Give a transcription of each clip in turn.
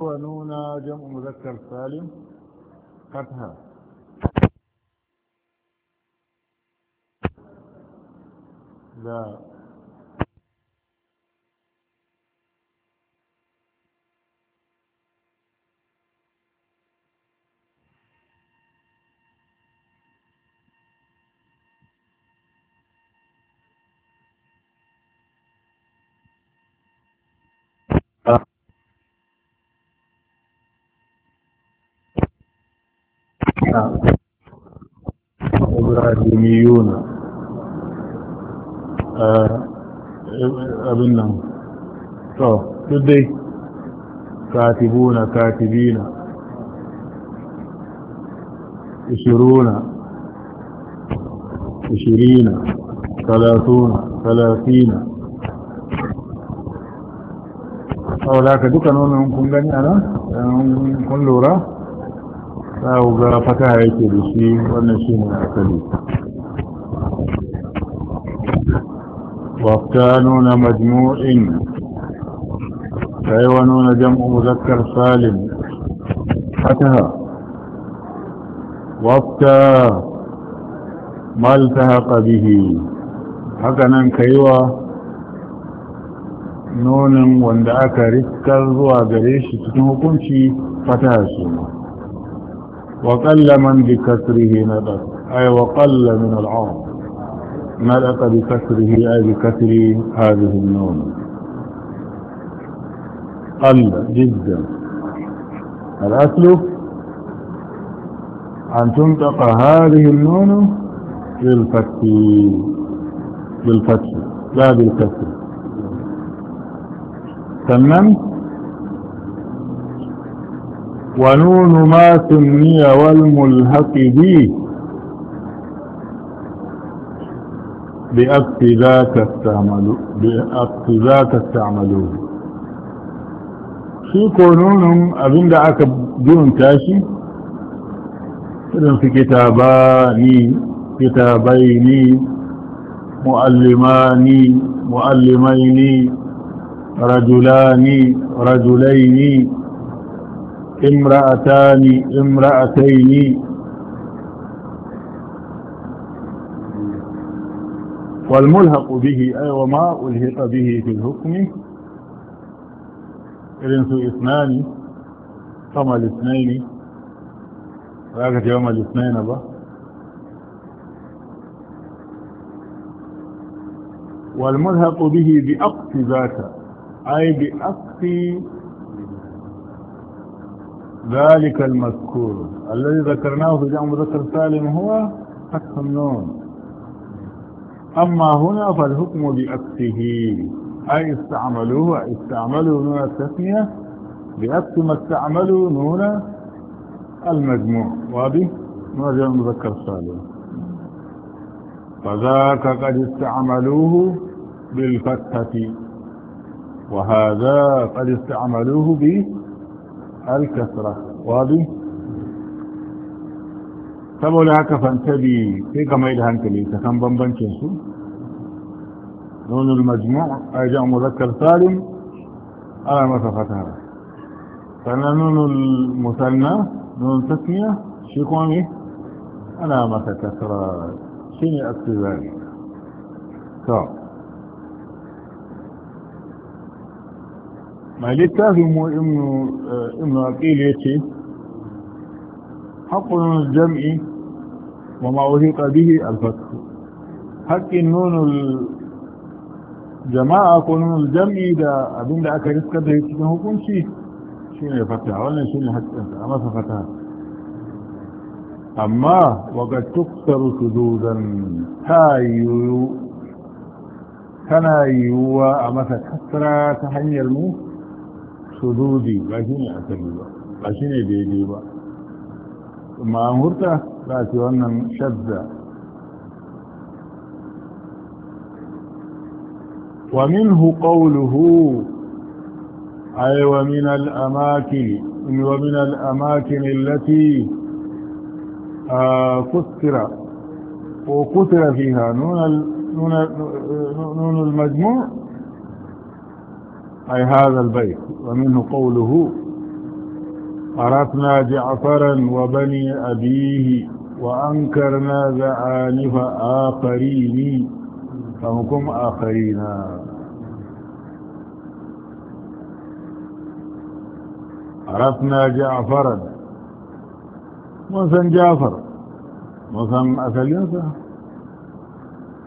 ونونا جمع مذكر سالم فتحة لا إبراهيميون آه، أبنى نعم. طب تدي كاتبون كاتبين إشرون إشرين ثلاثون ثلاثين أولاك دكا نون كنغاني أنا كن لورا za a ga fata yake da shi wannan shi ne a kali wafta nuna majmu'in ta kaiwa nuna jam'u zakar salim fataha wafta malta haka bihi haka nan ka yi wa nunin wanda aka rikar zuwa gare shi cikin hukunci fataha shi ne وقل من بكسره نطق أي وقل من العرب نطق بكسره أي بكسر هذه النون قل جدا الأصل أن تنطق هذه النون بالفتح بالفتح لا بالكسر سنن ونون ما سمي والملهق به بأبت ذاك استعملوا بأبت ذاك استعملوا في كونون أبين دعاك بدون تاشي في كتاباني كتابيني مؤلماني مؤلميني رجلاني رجليني امرأتان امرأتين والملحق به أي وما ألهق به في الحكم إرنس إثنان فما الاثنين راكت يوم الاثنين بقى والملحق به بأقص ذاك أي بأقص ذلك المذكور الذي ذكرناه في جمع مذكر سالم هو حكم النون أما هنا فالحكم بأكسه أي استعملوه استعملوا نون التسمية بأكس ما استعملوا نون المجموع وهذه نون جمع مذكر سالم فذاك قد استعملوه بالفتحة وهذا قد استعملوه بالفتحة الكسرة واضي سبو لهاك فانتبي في كما إلها انت لي تخم بمبان كنسو دون المجموع أجاء مذكر سالم على مسافتها فانا نون المثنى نون التسمية شيكواني على مسافتها شيني أكتزاني سبو mai littafin mu imnu eh, aqil ya ce haƙƙun jam'i wa ma'uhiƙa bihi alfatku haƙƙin nunul jama'a ko nunul jam'i da abinda aka riskar da cikin hukunci shi ne fata wannan shi ne haƙƙinsa a masa fata amma waga tuktar sududan ta yiwu tana yiwuwa a masa kasara ta hanyar mu sududi ba shi ne asali ba ba shi ne daidai ba amma an hurta za a ce wannan shadda wa minhu qawluhu ay wa min al amakin wa min al amakin allati kusira وكثر فيها نون نون المجموع أي هذا البيت ومنه قوله أرثنا جعفرا وبني أبيه وأنكرنا زعانف آخرين فمكم آخرين أرثنا جعفرا mun جعفر jafar mun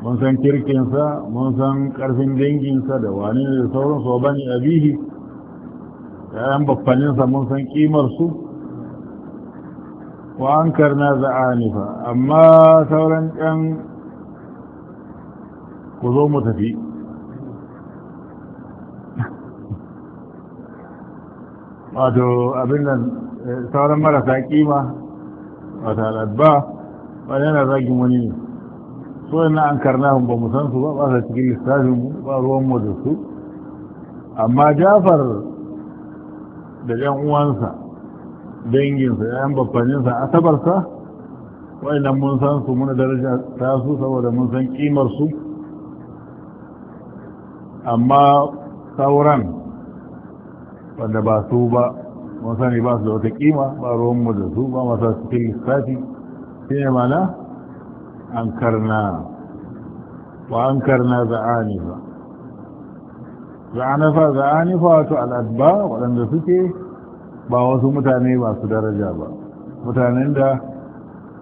mun san kirkinsa mun san ƙarfin danginsa da wani da su wa bani abihi ‘ya'yan bakfaninsa mun san ƙimarsu wa an karna fa amma sauran ɗan ku zo mu tafi wato abin nan eh, sauran marasa ƙima wata al'adba wani yana zagin wani ne wani an hun ba san su ba ba su cikin mu ba ruwan mu da su amma jafar da yan uwansa danginsa yan sa, wai wa'inan mun san su muna daraja ta su saboda mun san kimarsu amma sauran wanda ba su ba mun sani ba su da wata kima ba ruwan mu da su ba masa cikin lissafi shi ne mana ankarna wa ankarna za'anifa za'anifa za'anifa wato al'adba waɗanda suke ba wasu mutane masu daraja ba mutanen da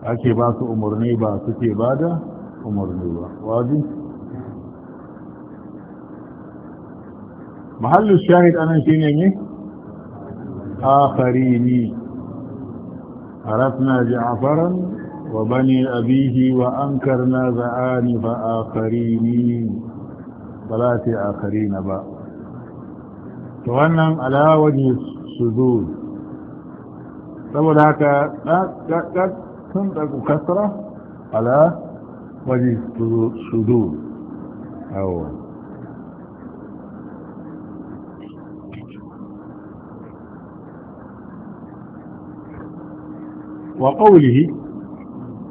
ake basu umarni ba suke ba umarni ba wajin mahallu shahid anan shi ne ne a fari ni ji a faran وبني أبيه وأنكرنا ذآن فآخرين فلا آخرين با توانن على وجه السدود سبو لك تنتك كثرة على وجه السدود أو وقوله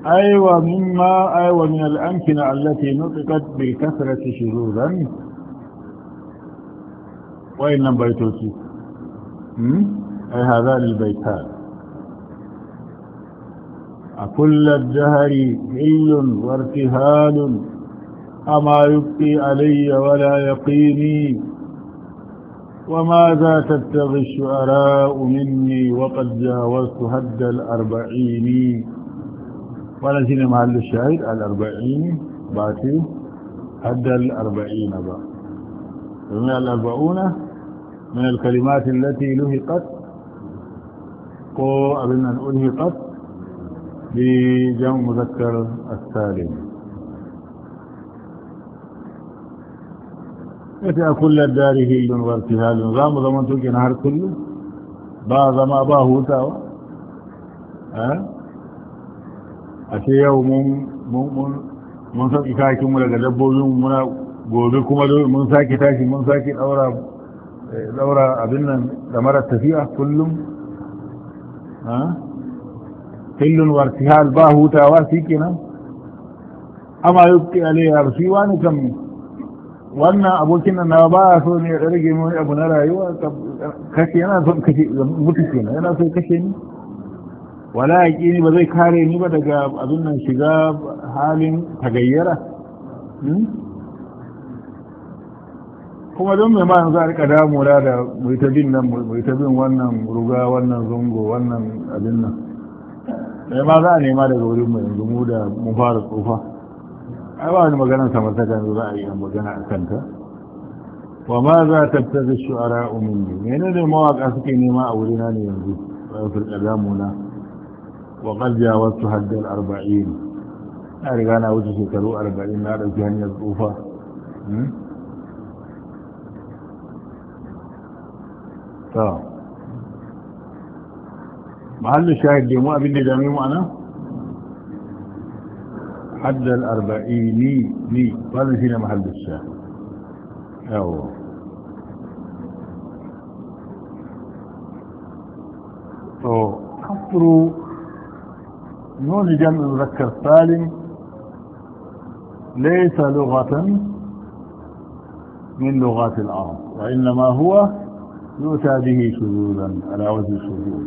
أيوة مما أيوة من الأمكنة التي نطقت بكثرة شذوذا وإن لم بيتوتي أي هذان البيتان أكل الدهر حل وارتهال أما يبقي علي ولا يقيني وماذا تبتغي الشعراء مني وقد جاوزت هد الأربعين ولا زين مع الشعير الأربعين باتي حد الأربعين با من الأربعون من الكلمات التي لهقت قو أبنا ألهقت بجمع مذكر السالم اتى كل الدار هيل وارتهال نظام ضمنتك نهار كله بعض ما باهو تاوى a ce yau mun sauƙi kakinmu daga dabbobin muna gobe kuma mun sake tashi mun sake ɗaura eh, abin nan da mara tafiya kullum hillun wartihal ba hutawa shi nan amma yukki alayyar shi wani kan wannan abokin nan na ba so ne ya ɗarge mai abu na rayuwa eh, kashi yana son kashe mutu nan yana so kashe ni wala ya ƙi ba zai kare ni ba daga abin nan shiga halin tagayyara hmm? kuma don mai ma'an za a rika damura da muritabin nan muritabin wannan ruga wannan zungo wannan abin nan sai eh, ma za a nema daga wurin mai zumu da mu fara tsufa ai ba wani maganar samartaka yanzu za a yi magana a kanta wa ma za ta fita da shu'ara umini ne mawaƙa suke nema a wurina ne yanzu ba su rika damuna وقد جاوزت حد الأربعين أرجع أنا وجه شكروا أربعين نار الجهنية يزقوفا طب محل الشاهد دي مو أبين دي معنا حد الأربعيني لي هذا هنا محل الشاهد أوه أوه نون جمع مذكر سالم ليس لغة من لغات العرب وإنما هو يؤتى به شذوذا على وجه الشذوذ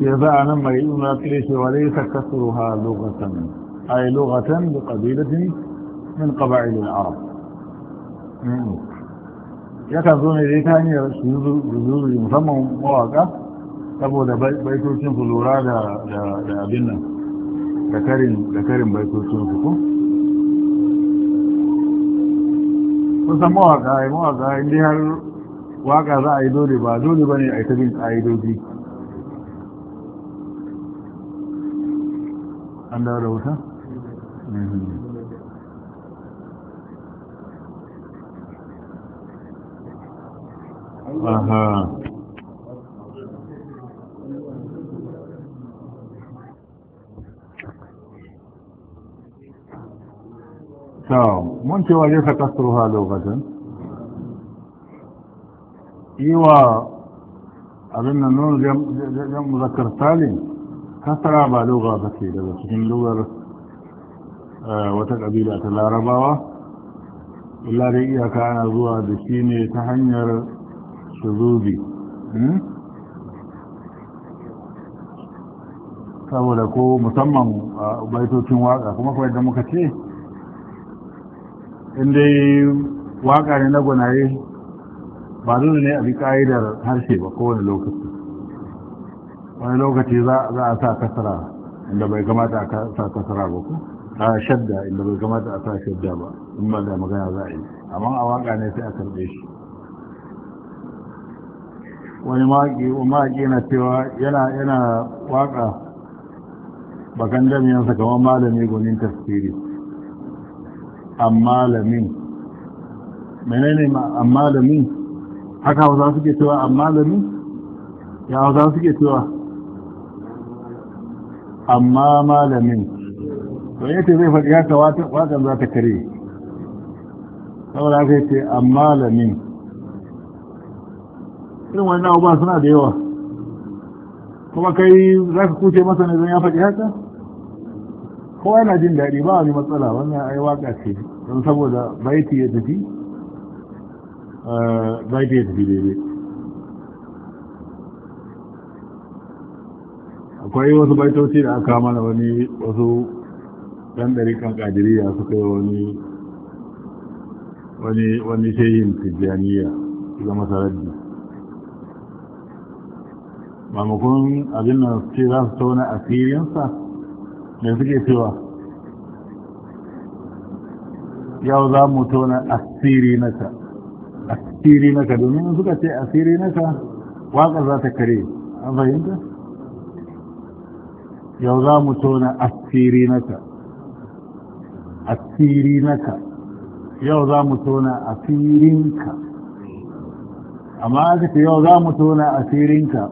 يذاع لما يؤمن ليس وليس كسرها لغة أي لغة لقبيلة من قبائل العرب يكذون إليك أن يشذوذ يسمى مواقع saboda baitocin su lura da abin nan da karin da karin baitocin su ko kusan mawaka ya mawaka inda har waka za a yi dole ba dole ba ne a yi tabin ƙa'idoji an da rahoton? Mm-hmm. aha to mun ce waje ka kasruha lokacin iwa abin da nun jan muzakkar salim kasra ba lugha ba ce daga cikin lugar eh, wata ƙabila ta larabawa illa iyaka ana zuwa da shi ne ta hanyar shuzubi hmm? saboda ko musamman ah, baitocin waka kuma kawai da muka ce inda waka ne na gwanaye ba dole ne a bi ƙa'idar harshe ba kowane lokaci wani lokaci za a sa kasara inda bai kamata a sa kasara ba ku a shadda inda bai kamata a sa shadda ba in ba da magana za a yi amma a waka ne sai a karɓe shi wani mawaƙi na cewa yana waka bakan damiyarsa kamar malami gonin tafsiri amma lamin menene amma lamin haka hausa suke cewa amma lamin ya hausa suke cewa amma malamin don yace zai faɗi haka wakan za ta kare saboda haka yace amma lamin irin wannan abubuwa suna da yawa kuma kai za ka kuce masa ne don ya faɗi haka kowa na jin daɗi ba wani matsala wannan ai waka ce don saboda baiti ya tafi eh, baiti ya tafi daidai akwai wasu baitoci da aka mana wani wasu ɗan kan ƙadiriya suka yi wani wani shayin tijjaniya ga masaraddi mamakon abin nan ce za su tauna asirinsa da suke cewa yau za mu tona asiri naka asiri naka domin suka ce asiri naka waka za ta kare an fahimta yau za mu tona asiri naka asiri naka yau za mu tona asirinka amma aka ce yau za mu tona asirinka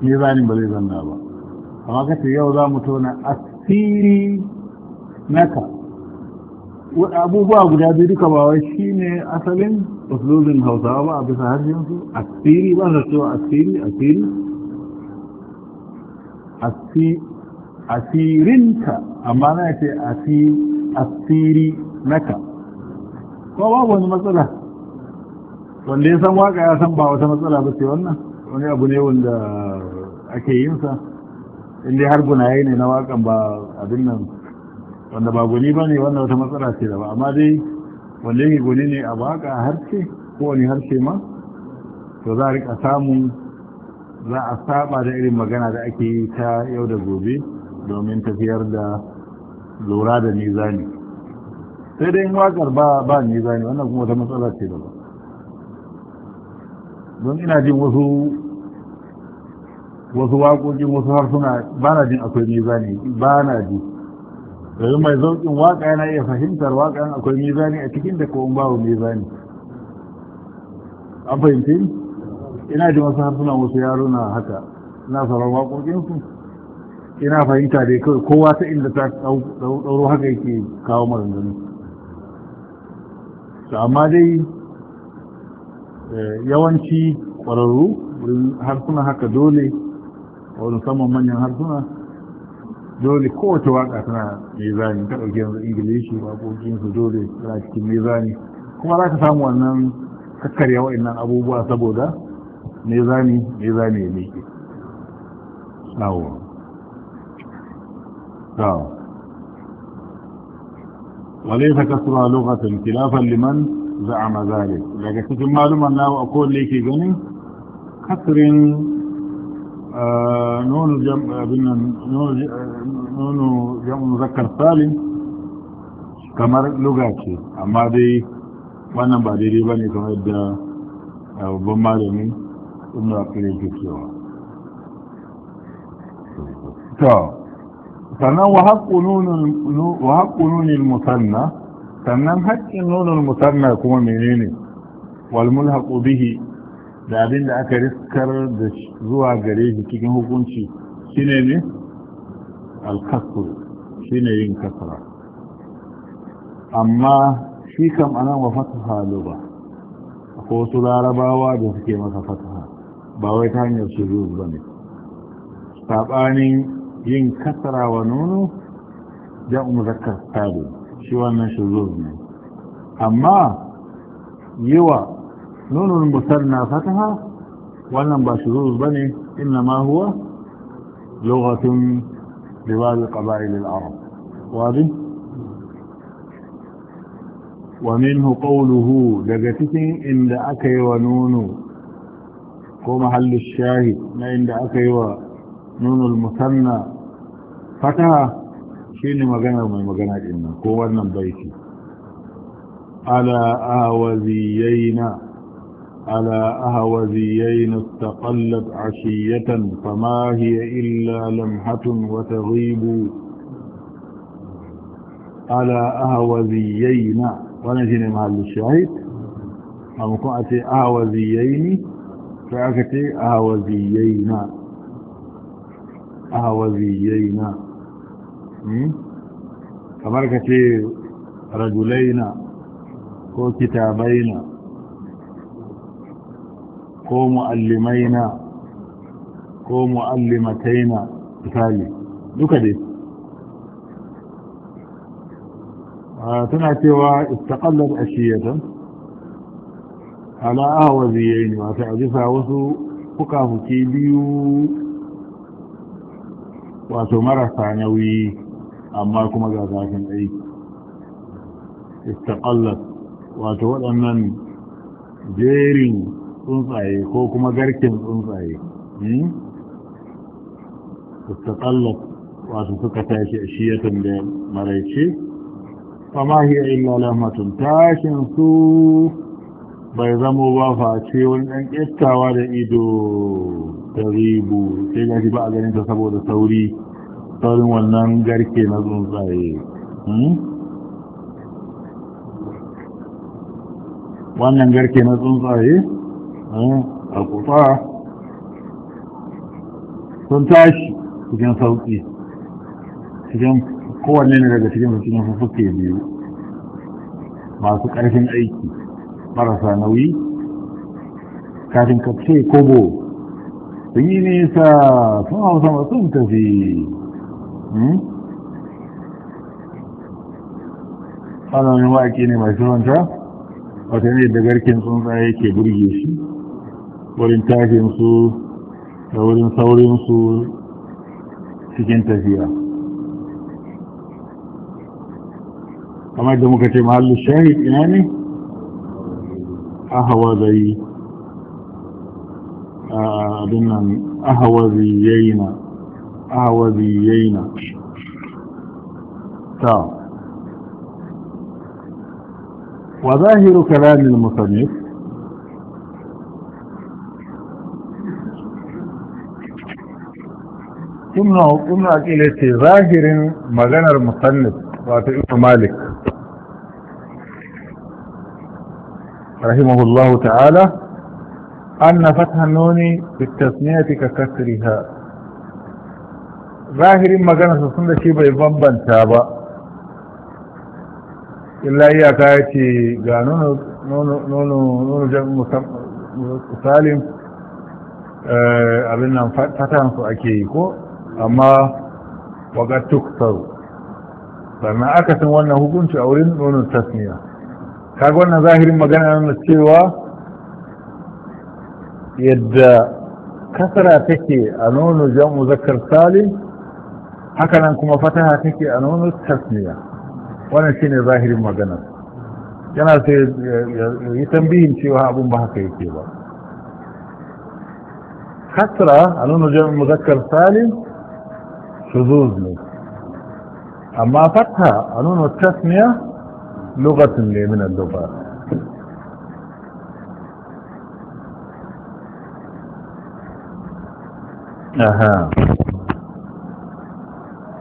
ne zanen ba zai zanna ba Kama ka ce yau za mu tona asiri naka abubuwa guda biyu duka ba wai shi ne asalin usulubin hausawa ba a bisa harshen su asiri ba sa cewa asiri asiri asirinka amma na ce asiri naka ko babu wani matsala wanda ya san waka ya san ba wata matsala ba ce wannan wani abu ne wanda ake yin sa inda har gunaye ne na wakan ba abin nan wanda ba guni ba ne wanda wata matsala ce da ba amma dai wanda yake guni ne a waka harshe ko wani harshe ma to za a rika samun za a saba da irin magana da ake yi ta yau da gobe domin tafiyar da lura da ne. sai dai wakar ba ba ne wannan kuma wata matsala ce da ba don ina jin wasu wasu waƙoƙin wasu harsuna ba na jin akwai mizani ba na ji yanzu mai zaukin waƙa yana iya fahimtar waƙa akwai mizani a cikin da kawon babu mizani an fahimci ina ji wasu harsuna wasu yaro na haka ina sauran waƙoƙinsu ina fahimta dai kawai kowa ta inda ta ɗauro haka yake kawo maranganu amma dai eh, yawanci ƙwararru harsuna haka dole wadda samun manyan harsuna dole kowace waka suna mai zani ta ɗauki yanzu ingilishi ba su dole tana cikin mai zani kuma za ka samu wannan kakkarya wa'annan abubuwa saboda mai zani mai zani ya leke walaisa kasuwa lokacin kilafan liman za a mazari daga cikin malumar nawa a kowane yake ganin kasirin نون جمع نون جمع مذكر سالم kamar luga ce amma dai wannan ba daidai ba ne kamar yadda babban malami ibn akil yake cewa sannan wa haqqu nunin musanna sannan haƙƙin nunil musanna kuma menene wal mulhaqu bihi da abin da aka riskar da zuwa gare shi cikin hukunci shi ne alkasur ne yin kasara amma shi kam nan wa fataha ba, ko su larabawa da suke masa fataha ba wai ta hanyar su zuwa ba ne saɓanin yin kasara wa nono jan umarzakar tabi shi wannan shi zuwa ne amma yi wa nunun musanna fataha wannan ba shuruz bane inna ma huwa lokacin libabi qaba'il al-arab wadi wa minhu qawluhu daga cikin inda aka yi wa nunu ko mahallu shahi na inda aka yi wa nunul musanna fataha shine magana mai magana din ko wannan baiti ala awaziyaina على أهوزيين استقلت عشية فما هي إلا لمحة وتغيب على أهوزيين ونجين مع الشاهد أم كنت أهوزيين فأكت أهوزيين أهوزيين كما ركت رجلين كتابين ko mu'allimaina ko mu'allimataina misali duka dai tana cewa istaqallat ashiyatan ala ahwaziyayn wa ta ajisa wasu fuki biyu wato marasa nauyi amma kuma ga zafin aiki istaqallat wato waɗannan jerin tsuntsaye ko kuma garkin tsuntsaye hmm? ta tsallaka wasu suka tashi a shiyatun da maraice fama hiya illa lahmatun tashin su bai zama ba face wani ɗan ƙettawa da ido ta ribu sai gashi ba a ganin ta saboda sauri saurin wannan garke na tsuntsaye hmm? wannan garke na tsuntsaye Hm? a kusa sun tashi cikin sauƙi cikin kowanne ne daga cikin cikin suke biyu masu ƙarfin aiki marasa nauyi kafin kafce kobo sun yi nisa sun hau sama sun tafi ƙananin hm? waƙi ne mai sunanta wata ne da garkin tsuntsaye ke burge shi والانتاج ينصور والانصور ينصور في جنت زيارة كما يدى مكتب محل الشاهد أهوى ذي أبنى أهوى آه، ذيينا أهوى ذيينا تا طيب. وظاهر كلام المصنف ibn aqil ce zahirin maganar musannif wato ibn malik rahimahullahu ta'ala anna fatha nuni bitasniyati ka kasriha zahirin magana sa sun da shi bai bambanta ba illa iyaka ce ga nono nono nono salim eh, abin nan su ake yi ko amma waga tuktaru sannan san wannan hukunci a wurin nonon tasmiya kaga wannan zahirin magana na cewa yadda kasara take a nono jan muzakkar salim hakanan kuma fataha take a nono tasmiya wannan shine zahirin magana yana sai yi tambihin cewa abun ba haka yake ba kasra a nono jan muzakkar salim shuzuz ne amma fatha a nuna tasmiya lokacin ne min al-lugat aha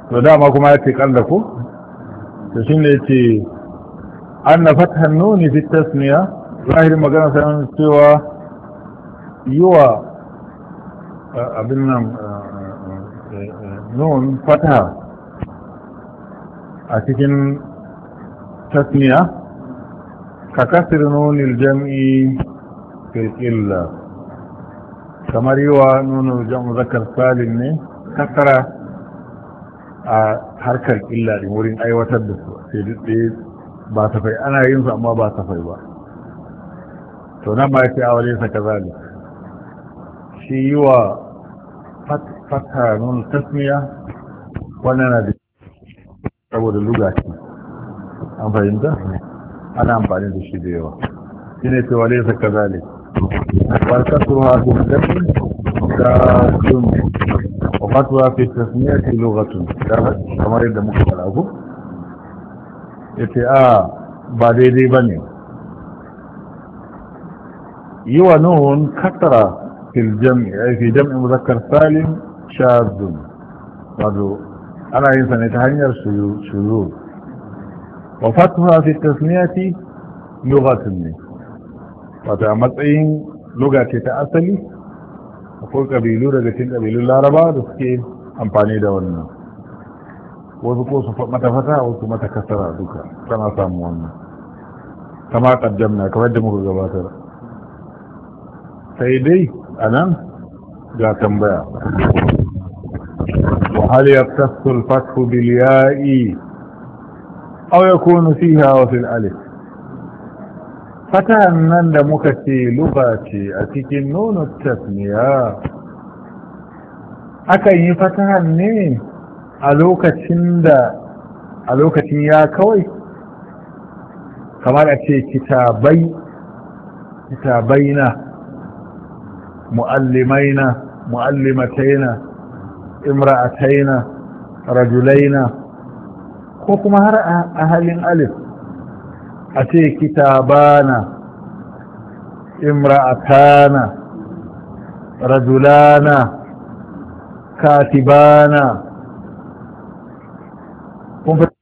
to dama kuma ya ce kanda ku, to shi ne shine yace anna fathan nuni fi tasmiya zahirin magana sai cewa yiwa abin nan نون فتحة أتكن تثنية ككثر نون الجمع في الإلا كمريوة نون الجمع ذكر سالم كثرة آه، حركة الإلا لمورين أي وتدف في الإلا باتفاي أنا ينفع ما باتفاي بقى تنمى في أوليس كذلك شيوة فتح fata nun tasmiya wannan na da saboda luga ce an fahimta ana amfani da shi da yawa shi ne cewa laisa ka zale barkar turwa da mutum da sun wafatuwa fi tasmiya ce lugatun kamar yadda muka fara ya ce a ba daidai ba ne yi wa nuhun katara fil الجمع أي في جمع مذكر Salim. شاذ قالوا على انسان يتهيأ شذوذ وفتها في التسمية لغة مني فتعمتين لغة تتأثلي وقل قبيلو رجتين قبيلو العربة دسكي أمباني دولنا وذكو صفت متفتا وذكو متكسرا دوكا كما ساموانا كما قدمنا كفدمه قباتر سيدي أنا جاتم بيا وهل يختص الفتح بالياء أو يكون فيها وفي الألف فتح من دمك في لغتي أتكنون التثنية akan yi fatahan ne a lokacin da a lokacin ya kawai kamar a ce kitabai kitabaina mu'allimaina امرأتين رجلين وكما رأى أهل ألف أتي كتابان امرأتان رجلان كاتبان ومفتح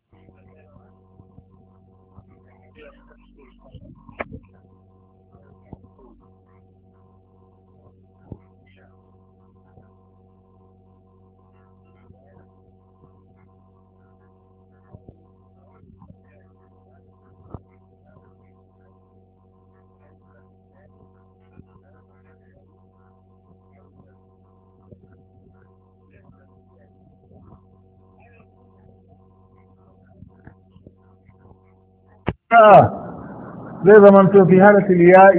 زي زي زمنتم في حالة الياء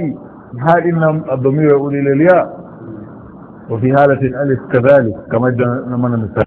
إن الضمير يقول إلى الياء وفي حالة الألف كذلك كما جاء من المثال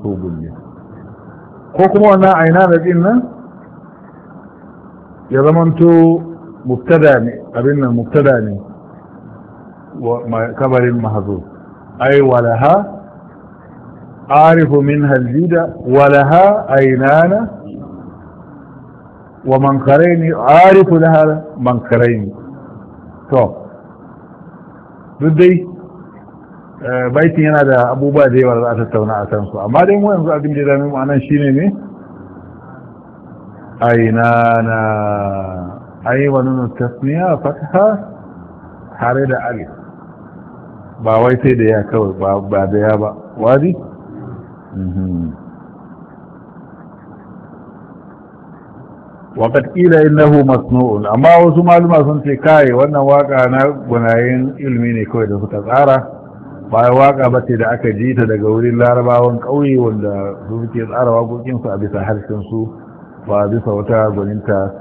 mansubun ne ko kuma wannan aina da din nan ya to mubtada ne abin nan mubtada ne wa kabarin mahzuf ay walaha arifu minha aljida walaha aynana wa mankaraini arifu laha mankaraini to duk dai Eh, baitin yana da abubuwa da yawa za a tattauna a kansu amma dai mu yanzu abin da zami mu anan shine ne aina na ai wani tasmiya fatha tare da alif ba wai sai da ya kawai ba da ya ba wadi mhm. waƙat ƙila innahu masnu'un amma wasu maluma sun ce kai wannan waka na gunayen ilmi ne kawai da suka tsara bayan waka ba ce da aka ji ta daga wurin larabawan ƙauye wanda su suke tsara waƙoƙinsu a bisa harshen su ba bisa wata gwaninta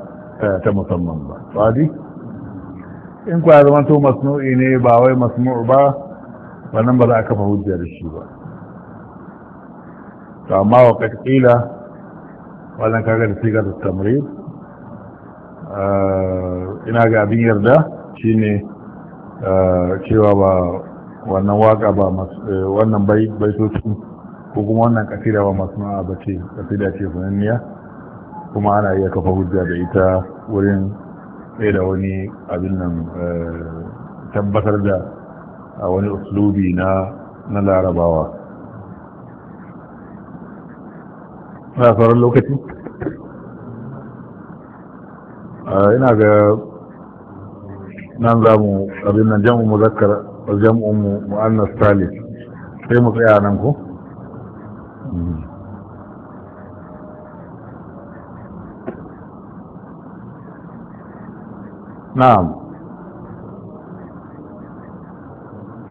ta musamman ba tsadi in kwa zama to masnu'i ne ba wai masnu'u ba nan ba za a kafa hujja da shi ba to amma wa kakila wannan kaga da sigar tamrir ah, ina ga abin yarda shine ah, cewa ba wannan waka ba eh, wannan bai bai baitoci ko kuma wannan kasida ba masu na'a ba ce kasida ce sananniya kuma ana iya kafa hujja da ita wurin tsaye da wani abin nan eh, tabbatar da wani uslubi na na larabawa na sauran lokaci eh, ina ga nan za mu abin nan jam'u muzakkar wa jam'un mu'annas talib sai mu tsaya nan ko hmm. na'am